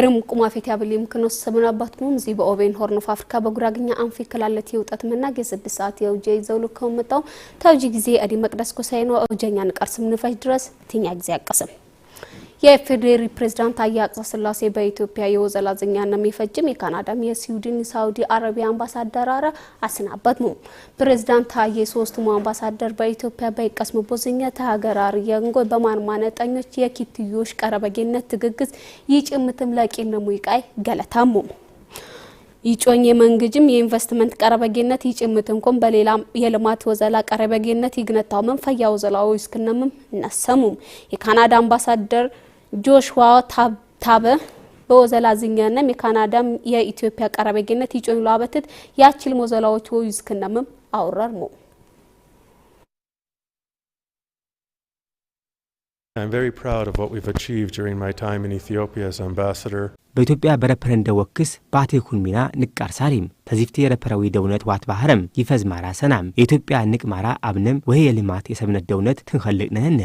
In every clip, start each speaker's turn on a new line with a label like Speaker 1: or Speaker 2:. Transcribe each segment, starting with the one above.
Speaker 1: ኬርም ቁማፌት ያብል ምክኖስ ሰሙን አባት ኩም ዚ በኦቤን ሆርን ኦፍ አፍሪካ በጉራግኛ አንፊ ከላለት ይውጣት መናገ 6 ሰዓት የውጄ ይዘውሉ ከመጣው ታውጂ ጊዜ አዲ መቅደስ ኮሳይኖ አውጀኛ ንቀርስም ንፋሽ ድረስ ትኛ ጊዜ አቀስም የኢፌዴሪ ፕሬዝዳንት ታዬ አጽቀሥላሴ በኢትዮጵያ የወዘላዝኛና እንደሚፈጅም የካናዳም የስዊድን ሳውዲ አረቢያ አምባሳደር አረ አስናበትሙ ፕሬዝዳንት ታዬ ሶስቱም አምባሳደር በኢትዮጵያ በይቀስሙ ቦዝኛ ተሀገራሪ የንጎ በማንማነጠኞች የኪትዮሽ ቀረበጌነት ትግግዝ ይጭምትም ለቂነሙ ይቃይ ገለታሙ ይጮኝ የመንግጅም የኢንቨስትመንት ቀረበጌነት ይጭምት ኮን በሌላ የልማት ወዘላ ቀረበጌነት ይግነታው መንፈያ ወዘላዊ እስክነምም ነሰሙም የካናዳ አምባሳደር ጆሽዋ ታበ በወዘላ ዝኛነ የካናዳም የኢትዮጵያ ቀረበጌነት ይጮይሉ አበትት ያችል ሞዘላዎች ወይ ዝክነምም ሞ
Speaker 2: I'm very proud of what we've achieved during my time in Ethiopia as ambassador. በኢትዮጵያ እንደ ወክስ ባቴኩን ሚና ንቃር ሳሪም ተዚፍቴ የረፐረዊ ደውነት ዋት ባህረም ይፈዝ ማራ ሰናም የኢትዮጵያ ንቅ ማራ አብነም ወይ የልማት የሰብነት ደውነት ትንኸልቅ ነህነ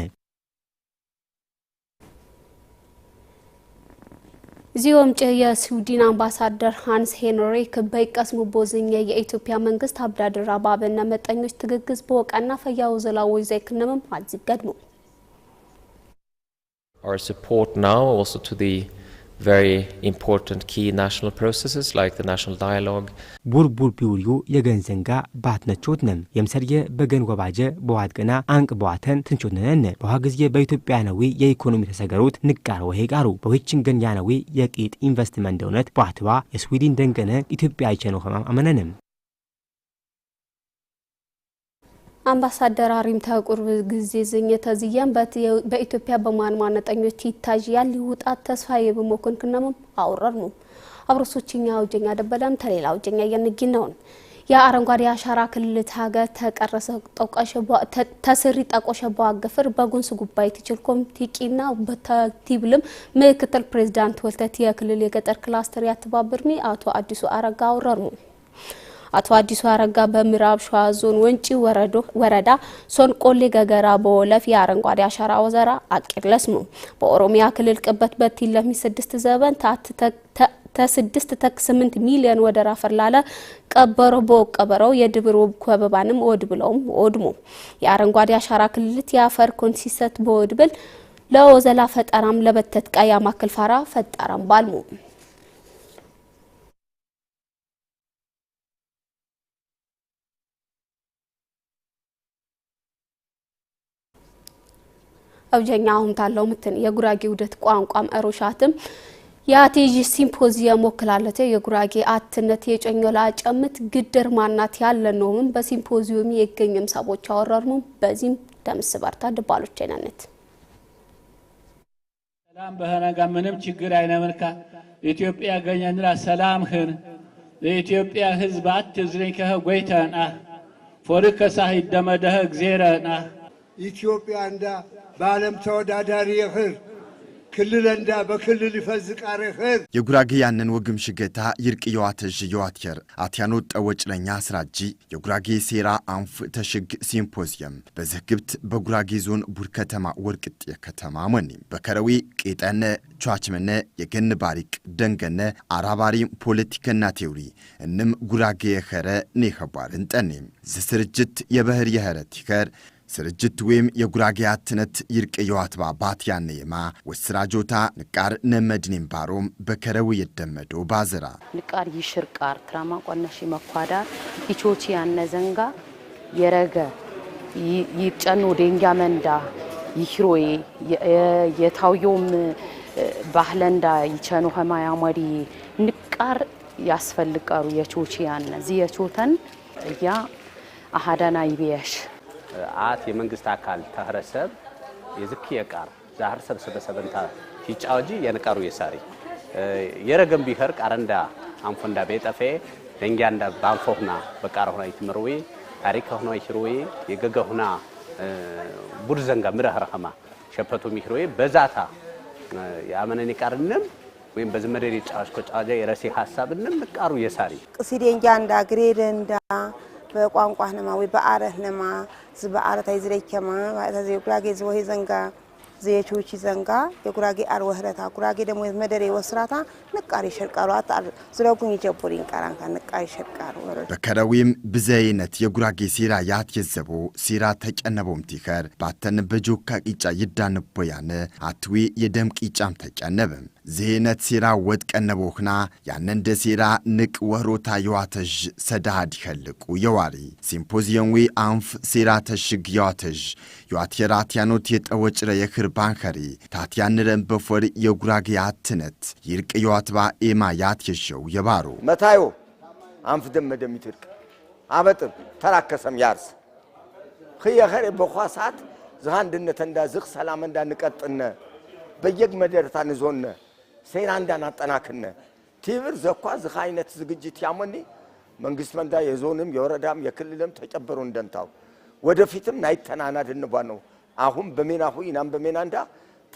Speaker 1: እዚሁም ጭ የስዊድን አምባሳደር ሃንስ ሄንሪክ በይቀስሙ ቦዝኘ የኢትዮጵያ መንግስት አብዳድር አባብነ መጠኞች ትግግዝ በወቀና ፈያው ዘላዊ
Speaker 2: also to the very important key national processes like the national dialogue. ቡርቡር ቢውርዩ የገንዘንጋ ባትነቾትነን የምሰርየ በገን ወባጀ በዋትገና አንቅ በዋተን ትንቾትነን በውሃ ጊዜ በኢትዮጵያ ነዊ የኢኮኖሚ ተሰገሩት ንቃር ወሄ ቃሩ በዊችን ገን ያነዊ የቂጥ ኢንቨስትመንት ደውነት በዋትባ የስዊድን ደንገነ ኢትዮጵያ ይቸነው ኸማም አመነንም
Speaker 1: አምባሳደር አሪምታ ቁርብ ጊዜ ዝኝ ዝያም በኢትዮጵያ በማን ማነጠኞች ይታያል ይውጣት ተስፋ የብሞኮን ክነሙም ነው አብረሶችኛ አውጀኛ ደበላም ተሌላ አውጀኛ የንጊ ነውን የአረንጓዴ አሻራ ክልል ታገ ተቀረሰ ተስሪ ጠቆሸ አገፍር በጉንስ ጉባይ ትችልኮም ቲቂና በተቲብልም ምክትል ፕሬዚዳንት ወልተት የክልል የገጠር ክላስተር ያተባብርሚ አቶ አዲሱ አረጋ አውረርሙ አቶ አዲሱ አረጋ በምዕራብ ሸዋ ዞን ወንጪ ወረዳ ሶንቆሌ ገገራ በወለፍ የአረንጓዴ አሻራ ወዘራ አቂርለስ ነው። በኦሮሚያ ክልል ቅበት በቲ ለሚ ስድስት ዘበን ታት ተስድስት ተክ ስምንት ሚሊዮን ወደራ ፈላለ ቀበሮ በቀበረው የድብር ውብ ኮበባንም ወድ ብለውም ወድሙ የአረንጓዴ አሻራ ክልልት የአፈር ኮንሲስተንት በወድብል ለወዘላ ፈጠራም ለበተት ቃያ ፋራ ፈጠራም ባልሙ ቀብጀኛ አሁን ታለው ምትን የጉራጌ ውደት ቋንቋም እሮሻትም የአቴጂ ሲምፖዚየም ወክላለት የጉራጌ አትነት የጨኞላ ጨምት ግድር ማናት ያለ ነውም በሲምፖዚየም የገኘም ሰቦች አወረርሙም በዚህም ደምስ በርታ ድባሎች አይነነት
Speaker 3: ሰላም በህነጋ ምንም ችግር አይነምርካ ኢትዮጵያ ገኘንራ ሰላም ህን ለኢትዮጵያ ህዝብ አትዝረኝ ከህ ጎይተን አ ፎርክ ይደመደህ እግዜረን አ
Speaker 4: ኢትዮጵያ እንዳ በዓለም ተወዳዳሪ ይኽር ክልል እንዳ በክልል ይፈዝ ቃር
Speaker 2: የጉራጌ ያንን ወግም ሽገታ ይርቅ የዋተዥ የዋትየር አትያኖ ጠወጭለኛ ስራጂ የጉራጌ ሴራ አንፍ ተሽግ ሲምፖዚየም በዚህ ግብት በጉራጌ ዞን ቡድ ከተማ ወርቅጤ ከተማ ሞኒ በከረዊ ቄጠነ ቿችመነ የገን ባሪቅ ደንገነ አራባሪም ፖለቲከና ቴዎሪ እንም ጉራጌ የኸረ ኔኸቧርን ጠኔም ዝስርጅት የበህር የኸረ ቲከር ስርጅት ወይም የጉራጌያትነት ይርቅ የዋትባ የዋትባባት ያነየማ ጆታ ንቃር ነመድኔም ባሮም በከረው የደመዶ ባዝራ
Speaker 5: ንቃር ይሽርቃር ትራማ ቆነሽ መኳዳር ኢቾቺ ያነ ዘንጋ የረገ ይጨኖ ደንጋ መንዳ ይሂሮዬ የታውዮም ባህለንዳ ይቸኖ ኸማያመሪ ንቃር ያስፈልቀሩ የቾቺ ያነ ዚ የቾተን እያ አሃዳና ይቤያሽ
Speaker 6: አት የመንግስት አካል ተህረሰብ የዝክ የቃር ዛህር ሰብሰበ ሰበንታ ሂጫውጂ የነቀሩ የሳሪ የረገም ቢኸር ቃረንዳ አንፎንዳ ቤጠፌ ደንጊያንዳ ባንፎሁና በቃረ ሁና ይትምርዊ ታሪከ ሁና ይሽርዊ የገገ ሁና ቡድ ዘንጋ ምረህረኸማ ሸፈቱ ሚሽርዊ በዛታ የአመነን ቃርንም ወይም በዝመደሪ ጫዋሽ ኮጫዋጃ የረሴ ሀሳብ እንምቃሩ የሳሪ
Speaker 7: ቅሲዴንጃ እንዳ ግሬደ እንዳ በቋንቋ ነማ ወይ በአረህ ነማ ዝበዓለት ኣይዝለይከማ ማለት የጉራጌ ዝወሄ ዘንጋ ዘየቾቺ ዘንጋ የጉራጌ አርወህረታ ጉራጌ ደግሞ መደሬ ወስራታ ንቃሪ ሸርቃሩ አታር ዝረጉኝ ጀቡሪን ቃራንካ ንቃሪ ሸርቃሩ
Speaker 2: በከረዊም ብዘይነት የጉራጌ ሲራ ያት የዘቦ ሲራ ተጨነበም ቲከር ባተን በጆካ ቂጫ ይዳንቦ ያነ አትዌ የደም ቂጫም ተጨነበም ዜነት ሴራ ወትቀነቦኽና ያነንደ ሴራ ንቅ ወሮታ የዋተዥ ሰዳሃድ ይኸልቁ የዋሪ ሲምፖዚየም ሲምፖዚየንዊ አንፍ ሴራ ተሽግ የዋተዥ የዋትየራትያኖት የጠወጭረ የኽር ባንኸሪ ታትያንረን በፎር የጉራጌ ያትነት ይርቅ የዋትባ ኤማ ያት የባሩ
Speaker 8: መታዮ አንፍ ደም ደሚትርቅ አበጥር ተራከሰም ያርስ ኽየኸሬ በኳ ሰዓት ዝሃንድነት እንዳ ዝኽ ሰላም እንዳንቀጥነ በየግ መደረታ ንዞነ ሴናንዳን አጠናክነ ቲብር ዘኳ ዝኻ አይነት ዝግጅት ያሞኒ መንግስት መንዳ የዞንም የወረዳም የክልልም ተጨበሩ እንደንታው ወደፊትም ናይተናናድ ድንባ ነው አሁን በሜና ሁይ ናም በሜና እንዳ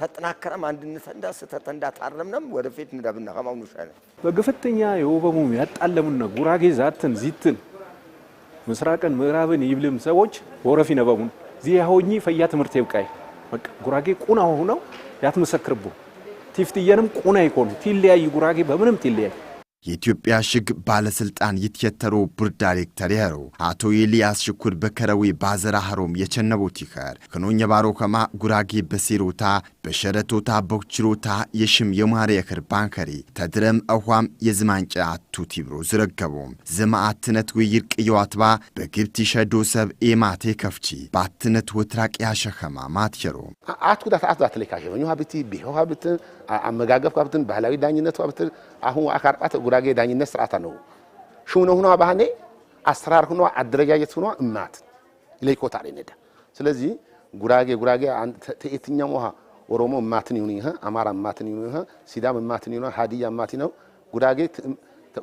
Speaker 8: ተጠናከረም አንድነት እንዳ ስተተ እንዳ ታረምነም ወደፊት እንደብና ከማውኑ ሻለ
Speaker 9: በግፍተኛ የወበሙ ያጣለሙና ጉራጌ ዛትን ዚትን ምስራቅን ምዕራብን ይብልም ሰዎች ወረፊ ነበሙን ዚያሆኚ ፈያ ትምህርት ይብቃይ በቃ ጉራጌ ቁና ሆነው ያትመሰክርቡ ቲፍትየንም ቁና ይኮኑ ቲለያይ ጉራጌ በምንም ቲለያይ
Speaker 2: የኢትዮጵያ ሽግ ባለስልጣን ይትየተሮ ቡር ዳይሬክተር የሮ አቶ ኤልያስ ሽኩል በከረዊ ባዘራ ሀሮም የቸነቦት ይኸር ክኖኝ የባሮ ከማ ጉራጌ በሴሮታ በሸረቶታ በችሮታ የሽም የማር የክር ባንከሪ ተድረም እኋም የዝማንጫ አቱ ቲብሮ ዝረገቦም ዝማአትነት ውይይር ቅየዋትባ በግብቲ ሸዶ ሰብ ኤማቴ ከፍቺ በአትነት ወትራቅ ያሸኸማ ማትሸሮ
Speaker 10: አትኩዳት አትዳት ላይ ሀብቲ ቢሄው ሀብትን አመጋገብ ሀብትን ባህላዊ ዳኝነት ሀብትን አሁን አካርጣት የጉራጌ ዳኝነት ስርዓት ነው። ሹምነ ሁኗ ባህኔ አሰራር ሁኗ አደረጃጀት ሁኗ እማት ለይኮታ ነዳ ስለዚህ ጉራጌ ጉራጌ የትኛውም ውሃ ኦሮሞ እማትን ይሁን ይህ አማራ እማትን ይሁን ይህ ሲዳም እማትን ይሁን ሀዲያ እማት ነው ጉራጌ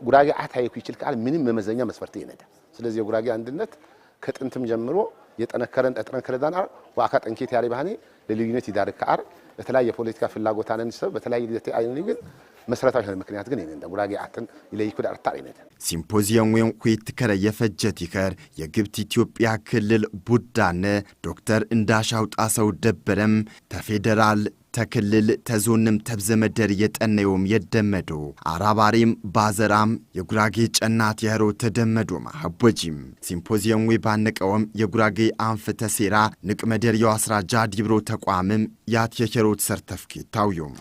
Speaker 10: ጉራጌ አታይኩ ይችል ቃል ምንም መመዘኛ መስፈርት ይነዳ ስለዚህ የጉራጌ አንድነት ከጥንትም ጀምሮ የጠነከረን ጠጥረን ከረዳን አር ዋካ ጠንኬት ያለ ባህኔ ለልዩነት ይዳርክ አር በተለያየ የፖለቲካ ፍላጎት አነንሰብ በተለያየ ጊዜ አይነ ግን መሰረታዊ ሆነ ምክንያት ግን እንደ ጉራጌ አትን ይለይኩ ዳርታ አይነት
Speaker 2: ሲምፖዚየም ወን ኩይት ከረ የፈጀት ይከር የግብት ኢትዮጵያ ክልል ቡዳነ ዶክተር እንዳሻው ጣሰው ደበረም ተፌደራል ተክልል ተዞንም ተብዘመደር የጠነዮም የደመዶ አራባሪም ባዘራም የጉራጌ ጨናት የህሮ ተደመዶ ማህቦጂም ሲምፖዚየም ባነቀወም የጉራጌ አንፍ ተሴራ ንቅመደር የዋስራጃ ዲብሮ ተቋምም ያት የሄሮት ሰርተፍኬት ታውዮም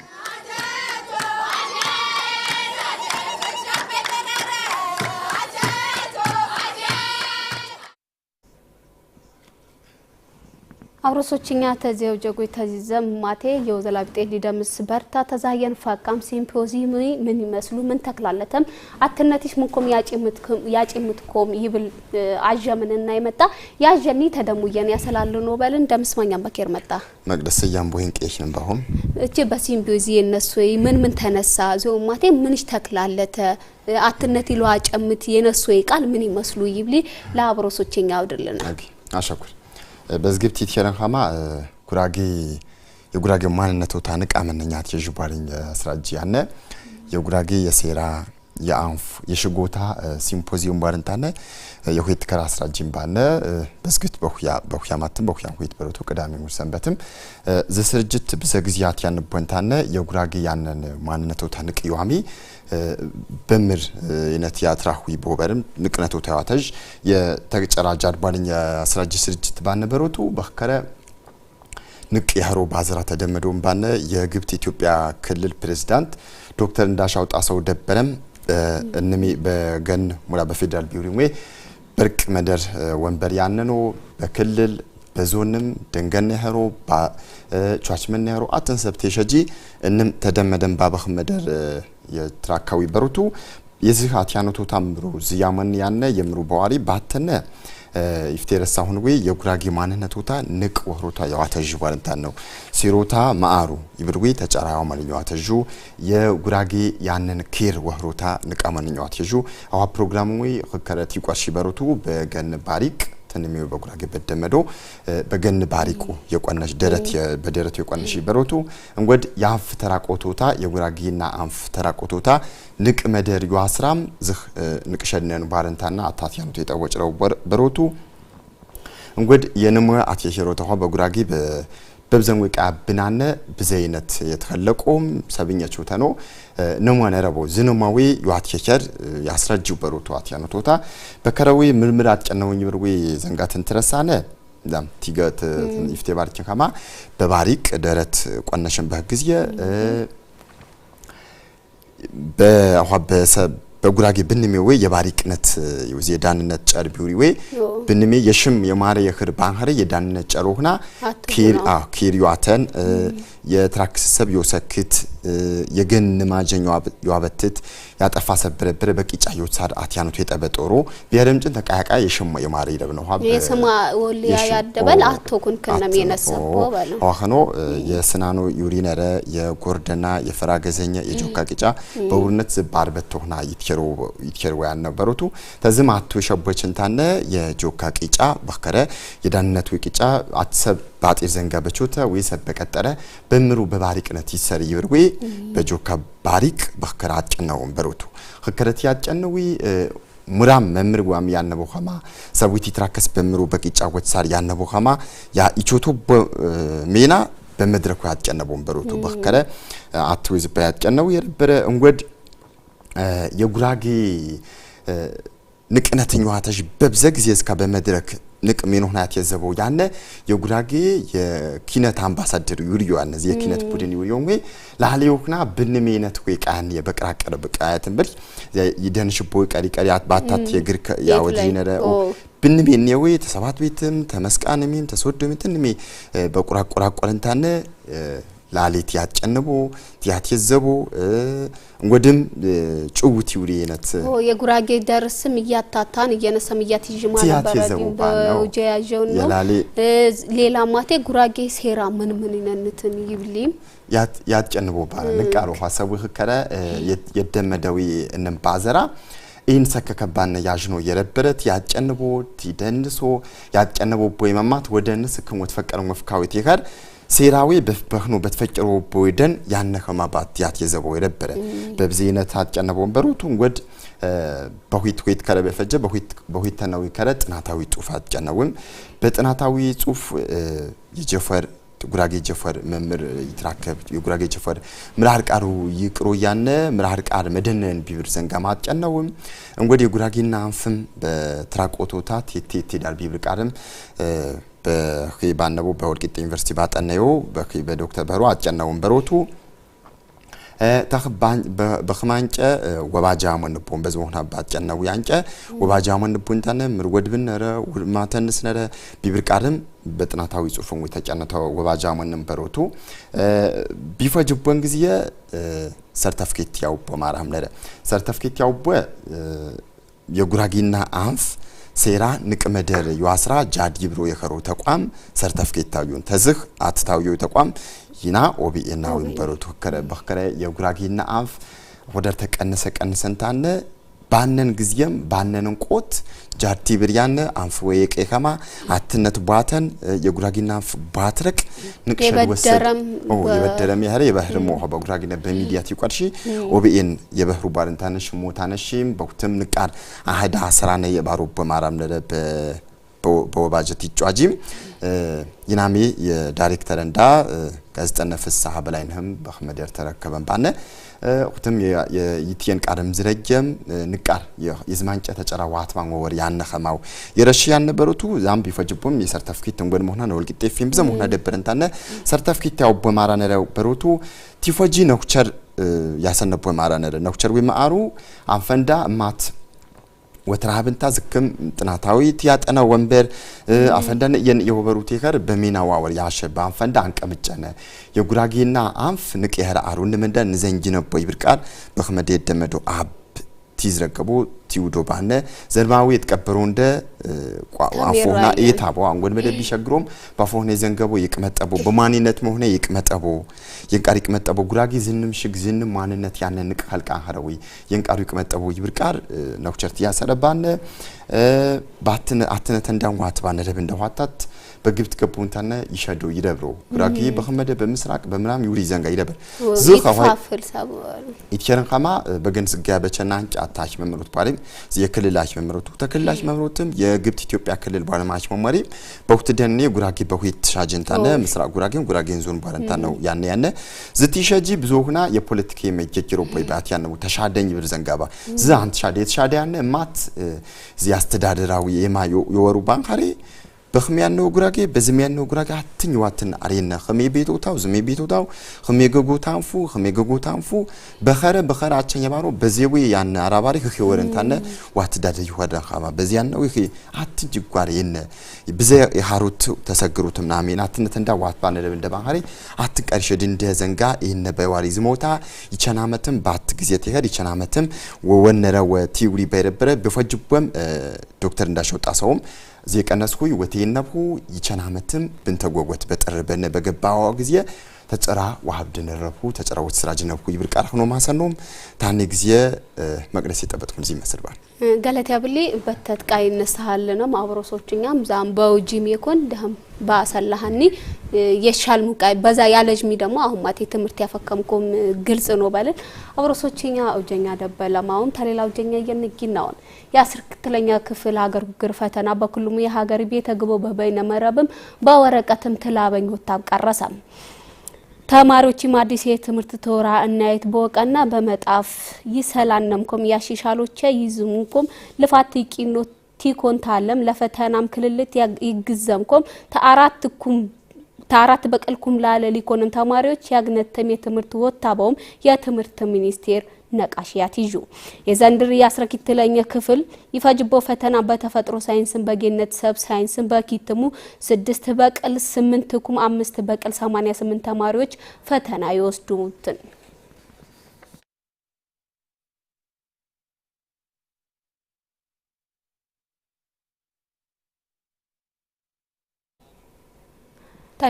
Speaker 1: አብረሶችኛ ተዚያው ጀጎይ ተዚዘም ማቴ የወዘላብጤ ሊደምስ በርታ ተዛየን ፋቃም ሲምፖዚየም ምን ይመስሉ ምን ተክላለተም አትነቲሽ ምንኩም ያጪ ምትኮም ይብል አጀምን እና የመጣ ያጀኒ ተደሙየን ያሰላል ነው በልን ደምስማኛ በኬር መጣ
Speaker 11: መቅደስ ያም ቦይን ቀሽን ባሁን
Speaker 1: እቺ በሲምፖዚየም እነሱ ምን ምን ተነሳ ዞ ማቴ ምንሽ ተክላለተ አትነት ይሏ ጨምት የነሱ ቃል ምን ይመስሉ ይብል ለአብረሶችኛ አውድልና
Speaker 11: አሸኩል በዝግብት ይትየለን ኸማ ጉራጌ የጉራጌ ማንነቱ ታንቃ መነኛት የዥባሪኝ ስራጂ ያነ የጉራጌ የሴራ የአንፍ የሽጎታ ሲምፖዚየም ባርንታነ የሁት ከራ አስራጅም ባነ በዝግት በሁያ ማተም በሁያን ሁት በሮቱ ቅዳሜ ሙር ሰንበትም ዝስርጅት ብዘግዚያት ያንቦንታነ የጉራጌ ያነን ማንነቱ ተንቅ ይዋሚ በምር የነት ያትራሁ ይቦበርም ንቅነቱ ተዋተጅ የተጨራጃ አድባልኝ የአስራጅ ስርጅት ባነ በሮቱ በከረ ንቅ ያህሮ ባዝራ ተደመዶም ባነ የግብት ኢትዮጵያ ክልል ፕሬዝዳንት ዶክተር እንዳሻው ጣሰው ደበረም እንሜ በገን ሙላ በፌዴራል ቢሮ ሙይ ብርቅ መደር ወንበር ያነኖ በክልል በዞንም ድንገን ያህሮ ቿችመን ያህሮ አተን ሰብቴ ሸጂ እንም ተደመደን ባባህ መደር የትራካዊ በሩቱ የዚህ አትያኖቶ ታምሩ ዝያመን ያነ የምሩ በዋሪ ባተነ ይፍቴ ረሳሁን ወይ የጉራጌ ማንነት ታ ንቅ ወህሮታ የዋተዥ ዋልንታን ነው ሲሮታ ማአሩ ይብድ ወይ ተጫራዋ ዋተዥ የጉራጌ ያንን ኬር ወህሮታ ንቃ ማንኛ ዋተዥ አዋ ፕሮግራም ወይ ከከረት ይቋርሽ በሮቱ በገን ባሪቅ ተን የሚው በጉራጌ በደመዶ በገን ባሪቁ የቆነሽ ደረት በደረት የቆነሽ በሮቱ እንጎድ የአንፍ ተራቆቶታ የጉራጌና አንፍ ተራቆቶታ ንቅ መደር ዩአስራም ዝህ ንቅሸነን ባረንታና አታትያኑት የጠወጭረው በሮቱ እንጎድ የንሞ አትየሽሮ ተሆ በጉራጌ በብዘን ወቃ ብናነ ብዘይነት የተከለቆም ሰብኘቹ ተኖ ነሞነ ረቦ ዝነማዊ ዩአትቸር ያስረጅው በሮቱ አትያኑ ቶታ በከረዊ ምርምር አትጨነውኝ ብርዊ ዘንጋትን ትረሳነ ዳም ቲገት ኢፍቴ ባርችን ከማ በባሪቅ ደረት ቆነሽን በህግዚየ በአሁን በጉራጌ ብንሜ ወይ የባሪቅነት የዳንነት ጨር ቢውሪ ወይ ብንሜ የሽም የማረ የኽር ባንኸረ የዳንነት ጨሮህና ኪር አ ኪር ዩአተን የትራክስሰብ ዮሰክት የገን ማጀኝ ዩአበትት ያጠፋ ሰብረብረ በቂጫ ዮሳድ አትያኖት የጠበጦሮ ቢያደምጭን ተቃያቃ የሽም የማረ ይደብ ነው
Speaker 1: ሀብ የሰማ ወልያ ያደበል አቶ ኩን ከነም የነሰቦ
Speaker 11: ባለ አሁኖ የስናኖ ዩሪነረ የጎርደና ገዘኘ የጆካ ቂጫ በውርነት ዝባር በትሆና ይትከሩ ይትከሩ ያነበሩቱ ተዝም አቶ ሸቦችንታነ የጆ ሾካ ቂጫ ባከረ የዳንነት ቂጫ አትሰብ ባጢር ዘንጋ በቾተ ወይ ሰብ በቀጠረ በምሩ በባሪቅነት ይሰር ይብርዌ በጆካ ባሪቅ ባከረ አጨናው ወንበሮቱ ህከረት ያጨነው ሙራም መምር ጓም ያነበ ኸማ ሰዊት ይትራከስ በምሩ በቂጫ ወትሳር ያነበ ኸማ ያ ኢቾቱ ሜና በመድረኩ ያጨነበ ወንበሮቱ በከረ አትዊዝ ባያጨነው የነበረ እንጎድ የጉራጌ ንቅነትኛዋተሽ በብዘ ጊዜ እስካ በመድረክ ንቅ ሜኖህናት የዘበው ያነ የጉራጌ የኪነት አምባሳደር ዩሪዮ ያነ የኪነት ቡድን ዩሪዮ ወይ ላሊዮክና ብንሜነት ወይ ቃን የበቅራቀር በቃያትን ብር ይደንሽቦ ቀሪ ቀሪ ባታት የግር ያወዲ ነረኦ ብንሜን የወ ተሰባት ቤትም ተመስቃንሜም ተሶዶሜትን ሜ በቁራቁራ ቆረንታነ ላሌት ቲያት ጨንቦ ቲያት የዘቦ ወድም ይውሪ የነት
Speaker 1: የጉራጌ ደርስም እያታታን እየነሰም እያትይዥማ
Speaker 11: ነበረጀያጀው ነው
Speaker 1: ሌላ ማቴ ጉራጌ ሴራ ምን ምን ይነንትን ይብሊም
Speaker 11: ያት ጨንቦ ባለ ንቃሮ ሀሳቡ ህከረ የደመደዊ እንም ባዘራ ይህን ሰከከባነ ያዥኖ የረበረት ያጨንቦ ቲደንሶ ያጨንቦ ቦይ መማት ወደንስ ክም ወትፈቀረ ወፍካዊት ይኸር ሴራዊ በፍበህኑ በተፈጨሮ ቦይደን ያነ ከማባት ያት የዘበው የነበረ በብዜነት አትጨነበ ወንበሩ ወድ በሁት ሁት ከረ በፈጀ በሁት በሁት ተናዊ ከረ ጥናታዊ ጽሁፍ አትጨነውም በጥናታዊ ጽሁፍ የጀፈር ጉራጌ ጀፈር መምህር ይትራከብ የጉራጌ ጀፈር ምራህር ቃሩ ይቅሮ ያነ ምራህር ቃር መደነን ቢብር ዘንጋ ማጨነውም እንግዲህ የጉራጌና አንፍም በትራቆቶታት ቴቴ ዳር ቢብር ቃርም በኺ ባነቦ በወልቂጤ ዩኒቨርሲቲ ባጠነዩ በኺ በዶክተር በህሮ አጨናውን በሮቱ ታኽባን በኽማንጨ መንቦን ቦን በዝሞኽና ባጨናው ያንጨ ወባጃ መንቦን ታነ ምርወድብን ነረ ማተንስ ነረ ቢብር ቢብርቃርም በጥናታዊ ጽሑፍን ተጨነተው መንም በሮቱ ቢፈጅቦን ጊዜ ሰርተፍኬት ያውቦ ማራም ነረ ሰርተፍኬት ያውቦ የጉራጊና አንፍ ሴራ ንቅመደር ዩዋስራ ጃድ ይብሮ የከሮ ተቋም ሰርተፍኬት ታዩን ተዝህ አትታዩ ተቋም ይና ኦቢኤና ወይም በሮቱ ተከረ በከረ የጉራጌና አፍ ወደር ተቀነሰ ቀንሰንታነ ባነን ግዚየም ባነንን ቆት ጃርቲ ብርያነ አንፍ ወይ ቀከማ አትነት ባተን የጉራጊና አንፍ ባትረቅ
Speaker 1: ንቅሸል ወሰደም
Speaker 11: ኦ የበደረም ያህረ የባህር ሞሃ በጉራጊና በሚዲያ ትቆርሺ ኦቢኤን የባህሩ ባርን ታነሽ ሞታነሽም በኩትም ንቃር አህዳ ስራነ የባሩ በማራም በ በወባጀት ይጫጂም ይናሚ የዳይሬክተር እንዳ ጋዜጠነ ፍሳሐ በላይንህም በህመደር ተረከበን ባነ ወቅትም የይትየን ቃደም ዝረጀም ንቃር የዝማንጨ ተጨራ ዋትማን ወወር ያነኸማው የረሺ ያነበሩቱ ዛም ቢፈጅቦም የሰርተፍኪት እንጎን መሆና ነው ወልቂጤ ፊም ብዘ መሆና ደበረንታነ ሰርተፍኪት ያው በማራ ነው በሮቱ ቲፎጂ ነውቸር ያሰነቦ ማራ ነው ነውቸር ወይማሩ አንፈንዳ ማት ወትረሃብንታ ዝክም ጥናታዊ ያጠና ወንበር አፈንደን የወበሩ ቴከር በሚና ዋወር ያሸባ አንፈንዳ አንቀምጨነ የጉራጌና አንፍ ንቅ ንቄህር አሩን ምንደን ንዘንጂ ነቦ ይብርቃል በክመደ የደመዶ አብ ቲዝረቀቦ ቲውዶ ባነ ዘንባዊ የተቀበሩ እንደ አፎና ኤታቦ አንጎን መደብ ቢሸግሮም ባፎነ ዘንገቦ የቅመጠቦ በማንነት መሆነ የቅመጠቦ የንቃር ቅመጠቦ ጉራጊ ዝንም ሽግ ዝንም ማንነት ያነ ንቅ ፈልቃ ሀረዊ የንቃሩ ቅመጠቦ ይብርቃር ነውቸርት ያሰረባነ ባትነ አትነ ተንዳንጓት ባነ ደብ እንደዋታት በግብት ከፑንታነ ይሸዶ ይደብሮ ራኪ በኸመደ በምስራቅ በምራም ይውሪ ዘንጋ ይደብር ዝኽ ሆይ ኢትሸርን ኸማ በገን ጋ በቸናን ጫታች መምሮት ባለም የክልላሽ መምሮቱ ተክልላች መምሮትም የግብት ኢትዮጵያ ክልል ባለማች መመሪ በሁት ደኔ ጉራጌ በሁት ሻጀንታነ ምስራቅ ጉራጌን ጉራጌን ዞን ባረንታ ነው ያነ ያነ ዝቲሸጂ ብዙ ሆና የፖለቲካ የመጀጀሮ ቦይ ባት ያነ ተሻደኝ ብር ዘንጋባ ዝ አንት ሻደ የተሻደ ያነ ማት ዚ አስተዳደራዊ የማዮ የወሩ ባንካሪ በኸመ ያነው ጉራጌ በዝም ያነው ጉራጌ አትኝ ዋትን አሬና ኸሜ ቤቶታው ዝሜ ቤቶታው ኸሜ ገጎታንፉ ኸሜ ገጎታንፉ በኸረ በኸረ አቸኝ የባሮ በዜዊ ያነ አራባሪ ኸ ወረን ታነ ዋት ዳደ ይወዳ ኸማ በዚያ ነው ይሄ አትኝ ጓር የነ ብዘ የሃሩት ተሰግሩት ምናምን አትነት እንዳ ዋት ባነ ለብ እንደ ባህሪ አትቀርሽ ድንደ ዘንጋ ይሄነ በዋሪ ዝሞታ ይቸናመትም ባት ጊዜ ተሄድ ይቸናመትም ወወነረ ወቲውሪ በረበረ በፈጅቦም ዶክተር እንዳሸውጣ ሰውም ዘቀነስኩ ይወቴ ነብሁ ይቸናመትም ብንተጓጎት በጥር በነ በገባው ጊዜ ተጨራ ዋሃብ ድነረፉ ተጨራ ወት ስራ ጅነብኩ ይብር ቃል ሆኖ ማሰኖም ታኔ ጊዜ መቅደስ የጠበጥኩም ዚህ መስልባል
Speaker 1: ገለት ያብሊ በተጥቃይ ነሳሃል ነው ማብሮሶችኛም ዛም በውጂም የኮን ደህም ባሰላሃኒ የሻል ሙቃይ በዛ ያለጅሚ ደግሞ አሁን ማቴ ትምህርት ያፈከምኩም ግልጽ ነው ባለን አብሮሶችኛ እጀኛ ደበለማውም ተሌላ እጀኛ የንጊናውን የአስር ክትለኛ ክፍል ሀገር ግር ፈተና በክሉም የሀገር ቤተ ግቦ በበይነ መረብም በወረቀትም ትላበኝ ወታም ቀረሰም ተማሪዎችም አዲስ የትምህርት ተወራ እናየት በወቀና በመጣፍ ይሰላነምኩም ያሽሻሎቼ ይዝሙኮም ልፋት ይቂኖ ቲኮንታለም ለፈተናም ክልልት ይግዘምኩም ተአራት ኩም ተአራት በቀልኩም ላለ ሊኮንም ተማሪዎች ያግነተም የትምህርት ወታባውም የትምህርት ሚኒስቴር ነቃሽያት ይዩ የዘንድር ያስረክትለኝ ክፍል ይፈጅቦ ፈተና በተፈጥሮ ሳይንስን በጌነት ሰብ ሳይንስን በኪትሙ ስድስት በቅል ስምንት ኩም አምስት በቅል ሰማኒያ ስምንት ተማሪዎች ፈተና ይወስዱትን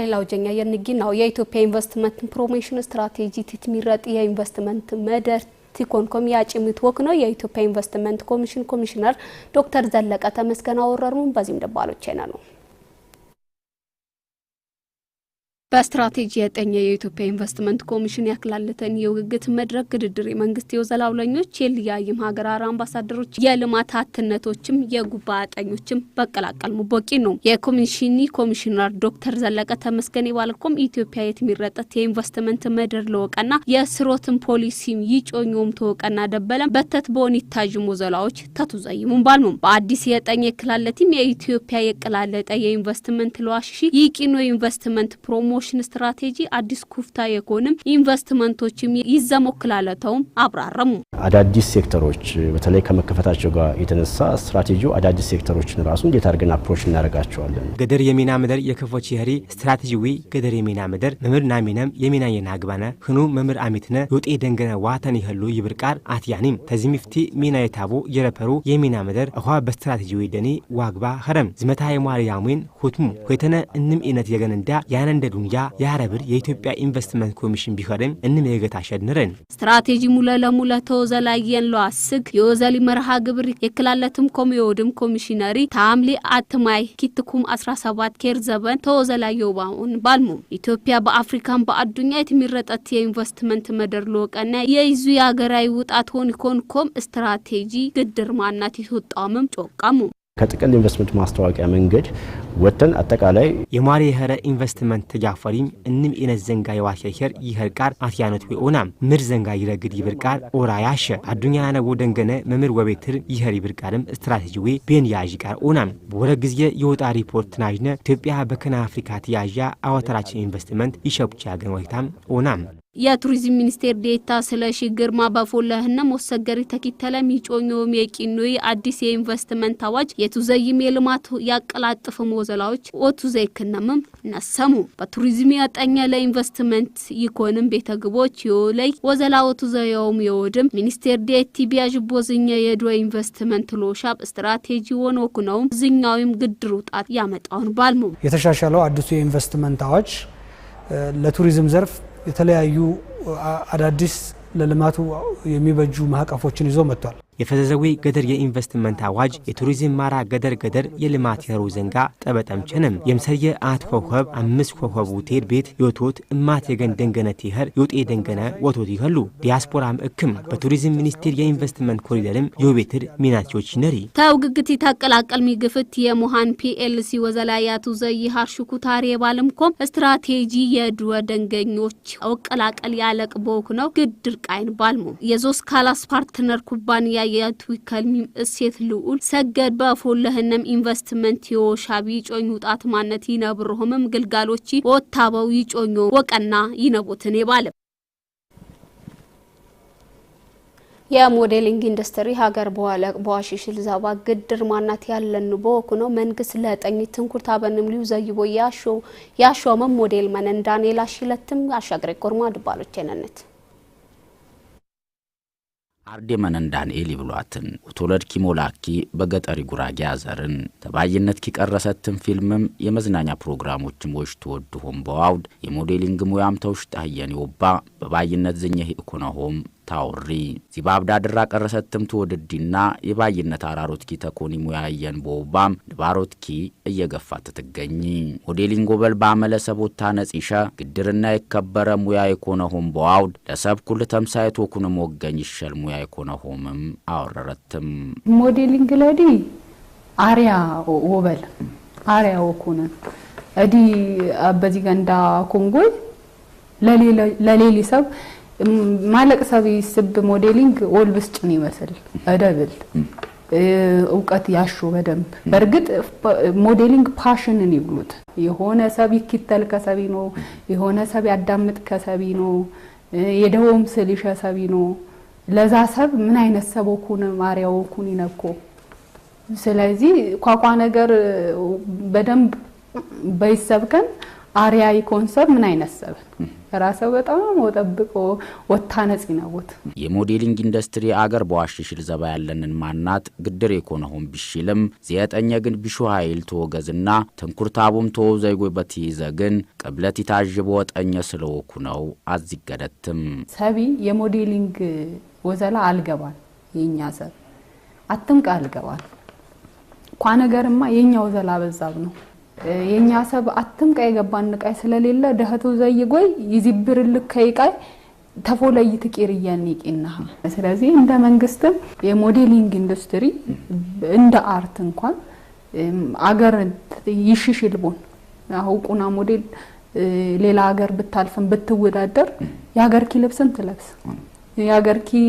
Speaker 1: ሌላው ጀኛ የንጊ ነው የኢትዮጵያ ኢንቨስትመንት ፕሮሞሽን ስትራቴጂ ትትሚረጥ የኢንቨስትመንት መደር ቲኮምኮም የአጭሚት ወክኖ የኢትዮጵያ ኢንቨስትመንት ኮሚሽን ኮሚሽነር ዶክተር ዘለቀ ተመስገን አወረሩም በዚህም ደባሎቼ ነው በስትራቴጂ የጠኘ የኢትዮጵያ ኢንቨስትመንት ኮሚሽን ያክላለተን የውግግት መድረክ ግድድር የመንግስት የወዘላውለኞች የልያይም ሀገራር አምባሳደሮች የልማት አትነቶችም የጉባ አጠኞችም በቀላቀል ሙቦቂ ነው። የኮሚሽኒ ኮሚሽነር ዶክተር ዘለቀ ተመስገን የባልኮም ኢትዮጵያ የትሚረጠት የኢንቨስትመንት መድር ለወቀና የስሮትን ፖሊሲም ይጮኞም ተወቀና ደበለም በተት በሆን ይታዥም ወዘላዎች ተቱዘይሙም ባልሙም በአዲስ የጠኝ የክላለቲም የኢትዮጵያ የቅላለጠ የኢንቨስትመንት ለዋሽሺ ይቂኖ ኢንቨስትመንት ፕሮሞ ፕሮሞሽን ስትራቴጂ አዲስ ኩፍታ የኮንም ኢንቨስትመንቶችም ይዘሞክላለተውም አብራረሙ።
Speaker 11: አዳዲስ ሴክተሮች በተለይ ከመከፈታቸው ጋር የተነሳ ስትራቴጂው አዳዲስ ሴክተሮችን ራሱ እንዴት አድርገን አፕሮች እናደርጋቸዋለን።
Speaker 12: ገደር የሚና ምድር የክፎች የህሪ ስትራቴጂዊ ገደር የሚና ምድር መምህር ናሚነም የሚና የናግባነ ህኑ መምህር አሚትነ የውጤ ደንገነ ዋተን ይህሉ ይብር ቃር አትያኒም ተዚህ ሚፍቲ ሚና የታቦ የረፐሩ የሚና ምድር እኳ በስትራቴጂዊ ደኒ ዋግባ ኸረም ዝመታ የሟሪ ያሙን ሁትሙ ሆይተነ እንም ኢነት የገን እንዳ ያነንደ ዱንያ መረጃ የአረብር የኢትዮጵያ ኢንቨስትመንት ኮሚሽን ቢኸርም እንም የገት አሸንረን
Speaker 1: ስትራቴጂ ሙለ ለሙለ ተወዘላየን ሎ አስግ የወዘሊ መርሃ ግብር የክላለትም ኮሚዮድም ኮሚሽነሪ ታምሊ አትማይ ኪትኩም 17 ኬር ዘበን ተወዘላየው ባሁን ባልሙ ኢትዮጵያ በአፍሪካን በአዱኛ የትሚረጠት የኢንቨስትመንት መደር ለወቀና የይዙ የሀገራዊ ውጣት ሆን ኢኮንኮም ስትራቴጂ ግድር ማናት ይወጣምም ጮቃሙ
Speaker 11: ከጥቅል ኢንቨስትመንት ማስታወቂያ መንገድ ወጥተን አጠቃላይ
Speaker 12: የማሪ የኸረ ኢንቨስትመንት ተጃፈሪም እንም ኢነት ዘንጋ የዋሸሸር ይኸር ቃር አትያኖት ሆና ምር ዘንጋ ይረግድ ይብር ቃር ኦራ ያሸ አዱኛ ያነጎ ደንገነ መምር ወቤትር ይኸር ይብር ቃርም ስትራቴጂ ዌ ቤን ያዥ ቃር ኦናም ወረ ጊዜ የወጣ ሪፖርት ናዥነ ኢትዮጵያ በከና አፍሪካ ትያዣ አዋተራችን ኢንቨስትመንት ይሸብቻ ገን ወይታም ኦናም
Speaker 1: የቱሪዝም ሚኒስቴር ዴታ ስለሺ ግርማ በፎለህነም ወሰገሪ ተኪተለ ሚጮኞም የቂኖይ አዲስ የኢንቨስትመንት አዋጅ የቱዘይም የልማት ያቀላጥፍም ወዘላዎች ወቱዘይ ክነምም ነሰሙ በቱሪዝም ያጠኘ ለኢንቨስትመንት ይኮንም ቤተ ግቦች የወለይ ወዘላ ኦቱዘየውም የወድም ሚኒስቴር ዴቲ ቢያዥቦ ዝኛ የዶ ኢንቨስትመንት ሎሻብ ስትራቴጂ ወን ወኩነውም ዝኛዊም ግድር ውጣት ያመጣውን ባልሙ
Speaker 11: የተሻሻለው አዲሱ የኢንቨስትመንት አዋጅ ለቱሪዝም ዘርፍ የተለያዩ አዳዲስ ለልማቱ የሚበጁ ማዕቀፎችን ይዞ መጥቷል።
Speaker 12: የፈዘዘዊ ገደር የኢንቨስትመንት አዋጅ የቱሪዝም ማራ ገደር ገደር የልማት የሩ ዘንጋ ጠበጠምችንም የምሰርየ አት ኮኸብ አምስት ኮኸብ ውቴድ ቤት የወትወት እማት የገን ደንገነ ቲኸር የውጤ ደንገነ ወቶት ይኸሉ ዲያስፖራም እክም በቱሪዝም ሚኒስቴር የኢንቨስትመንት ኮሪደርም የውቤትድ ሚናቸዎች ነሪ
Speaker 1: ተውግግት ታቀላቀል ሚግፍት የሙሃን ፒኤልሲ ወዘላያቱ ዘይ ሀርሽኩ ታሪ የባልምኮም ስትራቴጂ የድወ ደንገኞች አወቀላቀል ያለቅ ቦክ ነው ግድር ቃይን ባልሙ የዞስ ካላስ ፓርትነር ኩባንያ የቱዊከል ሚም እሴት ልዑል ሰገድ በፎለህነም ኢንቨስትመንት የወሻቢ ጮኙ ጣት ማነት ይነብርሆምም ግልጋሎች ወታበው ይጮኞ ወቀና ይነቦትን የባለም የሞዴሊንግ ኢንዱስትሪ ሀገር በኋላ በዋሽሽል ዛባ ግድር ማናት ያለን በወኩ ነው መንግስት ለጠኝ ትንኩርት አበንም ሊው ዘይቦ ያሾ ያሾመም ሞዴል መነን ዳንኤል አሽለትም አሻግሬ ኮርማ ድባሎች የነነት
Speaker 13: አርዴመነን ዳንኤል ይብሏትን ውትወለድ ኪሞላኪ በገጠሪ ጉራጌ አዘርን ተባይነት ኪቀረሰትን ፊልምም የመዝናኛ ፕሮግራሞችም ወሽ ትወድሆም በዋውድ የሞዴሊንግ ሙያም ተውሽጣየን ይወባ በባይነት ዝኘህ ኢኮነሆም ታውሪ ዚባብዳ ድራ ቀረሰትምቱ ወድዲና የባይነት አራሮት ኪ ተኮኒ ሙያየን ቦባም ድባሮት ኪ እየገፋ ትትገኝ ሆዴሊን ጎበል ባመለ ሰቦታ ነጺሸ ግድርና የከበረ ሙያ የኮነ ሆም በዋውድ ለሰብ ኩል ተምሳይት ቶኩን ሞገኝ ይሸል ሙያ የኮነ ሆምም አወረረትም
Speaker 1: ሞዴሊንግ ለዲ አሪያ ወበል አሪያ ወኩነ እዲ በዚህ ገንዳ ኮንጎይ ለሌሊ ሰብ ማለቅ ሰብ ይስብ ሞዴሊንግ ወልብስ ጭን ይመስል እደብል እውቀት ያሹ በደንብ በእርግጥ ሞዴሊንግ ፓሽንን ይብሉት የሆነ ሰብ ይኪተል ከሰቢ ነው የሆነ ሰብ ያዳምጥ ከሰቢ ነው የደወም ስል ይሸ ሰቢ ነው ለዛ ሰብ ምን አይነት ሰቦኩን ኩን ይነኮ ስለዚህ ኳኳ ነገር በደንብ በይሰብከን አርያይ ኮንሰብ ምን አይነት ሰብ ራሰው በጣም ወጠብቆ ወታ ነጽ ይናወት
Speaker 13: የሞዴሊንግ ኢንዱስትሪ አገር በዋሽሽል ዘባ ያለንን ማናት ግድር የኮነሆን ቢሽልም ዘየጠኘ ግን ቢሹ ኃይል ተወገዝና ተንኩርታቡም ቶ ዘይጎ በትይዘ ግን ቅብለት የታዥበ ወጠኘ ስለወኩ ነው አዚገደትም
Speaker 1: ሰቢ የሞዴሊንግ ወዘላ አልገባል የኛ ሰብ አትምቃ አልገባል ኳ ነገርማ የኛ ወዘላ በዛብ ነው የኛ ሰብ አትም ቀይ ገባን ቀይ ስለሌለ ደህቶ ዘይጎይ ይዝብርልክ ተፎ ለይ ትቂር እያኒቂና ስለዚህ እንደ መንግስትም የሞዴሊንግ ኢንዱስትሪ እንደ አርት እንኳን አገር ይሽሽልቦን አሁን ቁና ሞዴል ሌላ ሀገር ብታልፍን ብትወዳደር የሀገር ኪ ልብስን ትለብስ የሀገር ኪ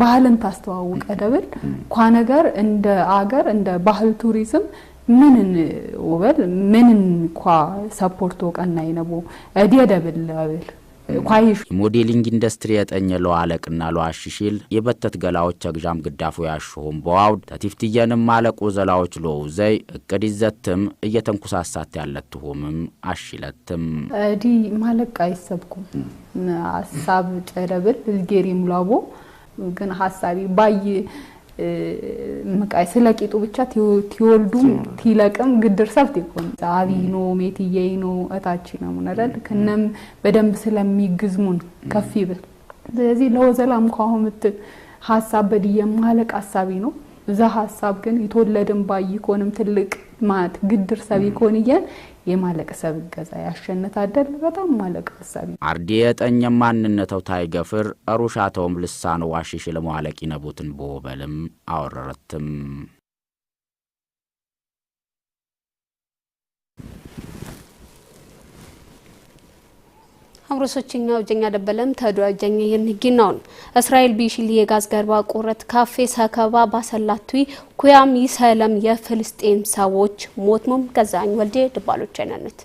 Speaker 1: ባህልን ታስተዋውቀ ደብል ኳ ነገር እንደ አገር እንደ ባህል ቱሪዝም ምንን ወበል ምንን ኳ ሰፖርቶ ቀናይ ነቦ እዲ ደብል አብል ኳይሽ
Speaker 13: ሞዴሊንግ ኢንዱስትሪ የጠኘ ለዋለቅና አሽሽል የበተት ገላዎች አግዣም ግዳፉ ያሽሆም በዋውድ ተቲፍትየንም ማለቆ ዘላዎች ለው ዘይ እቅድ ይዘትም እየተንኩሳሳት ያለትሆምም አሽለትም
Speaker 1: እዲ ማለቅ አይሰብኩም ሀሳብ ጨረብል ልጌሪ ሙላቦ ግን ሀሳቢ ባይ ምቃይ ስለ ቂጡ ብቻ ቲወልዱም ቲለቅም ግድር ሰብት ይኮን ጸሀቢኖ ሜትየይኖ እታች ነው ምነረድ ክነም በደንብ ስለሚግዝሙን ከፍ ይብል ስለዚህ ለወዘላም ካሁምት ሀሳብ በድየ ማለቅ ሀሳቢ ነው እዛ ሀሳብ ግን የተወለድን ባይ ኮንም ትልቅ ማለት ግድር ሰብ ይኮን እያል የማለቅ ሰብ እገዛ ያሸነት አደል በጣም ማለቅ ሰብ
Speaker 13: አርዲ የጠኝ ማንነተው ታይገፍር ሩሻተውም ልሳኑ ዋሽሽ ለመዋለቅ ይነቡትን ቦበልም አወረረትም
Speaker 1: አምሮሶችኛ ውጀኛ ደበለም ተዶጀኛ ይንጊን ነው እስራኤል ቢሽል የጋዝ ገርባ ቁረት ካፌ ሰከባ ባሰላቱይ ኩያም ይሰለም የፍልስጤም ሰዎች ሞትሞም ገዛኝ ወልዴ ድባሎች አይነነት